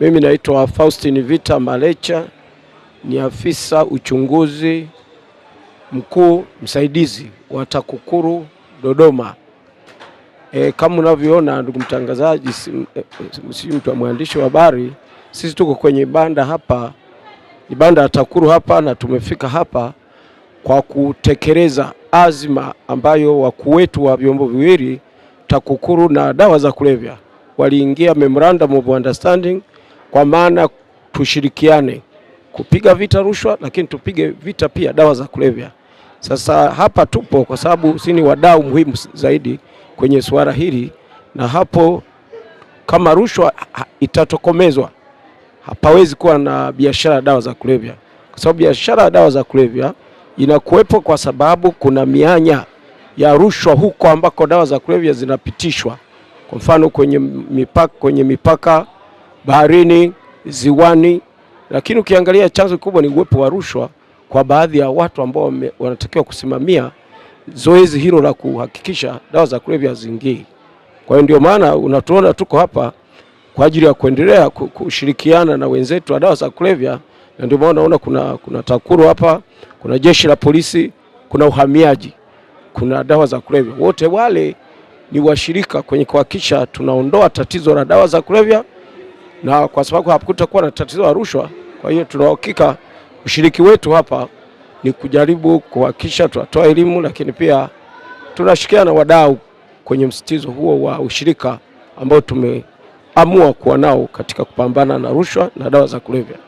Mimi naitwa Faustin Vita Malecha, ni afisa uchunguzi mkuu msaidizi wa TAKUKURU Dodoma. E, kama unavyoona ndugu mtangazaji, si e, e, mtu mwandishi wa habari, sisi tuko kwenye banda hapa, ni banda la TAKUKURU hapa, na tumefika hapa kwa kutekeleza azma ambayo wakuu wetu wa vyombo viwili TAKUKURU na dawa za kulevya waliingia memorandum of understanding kwa maana tushirikiane kupiga vita rushwa, lakini tupige vita pia dawa za kulevya. Sasa hapa tupo kwa sababu si ni wadau muhimu zaidi kwenye suala hili, na hapo kama rushwa itatokomezwa, hapawezi kuwa na biashara ya dawa za kulevya, kwa sababu biashara ya dawa za kulevya inakuwepo kwa sababu kuna mianya ya rushwa huko ambako dawa za kulevya zinapitishwa, kwa mfano kwenye mipaka, kwenye mipaka baharini, ziwani, lakini ukiangalia chanzo kikubwa ni uwepo wa rushwa kwa baadhi ya watu ambao wanatakiwa kusimamia zoezi hilo la kuhakikisha dawa za kulevya zingii. Kwa hiyo ndio maana unatuona tuko hapa kwa ajili ya kuendelea kushirikiana na wenzetu wa dawa za kulevya, na ndio maana unaona kuna, kuna TAKUKURU hapa, kuna jeshi la polisi, kuna uhamiaji, kuna dawa za kulevya. Wote wale ni washirika kwenye kuhakikisha tunaondoa tatizo la dawa za kulevya na kwa sababu hakutakuwa na tatizo la rushwa. Kwa hiyo tunahakika ushiriki wetu hapa ni kujaribu kuhakikisha tunatoa elimu, lakini pia tunashikiana na wadau kwenye msitizo huo wa ushirika ambao tumeamua kuwa nao katika kupambana na rushwa na dawa za kulevya.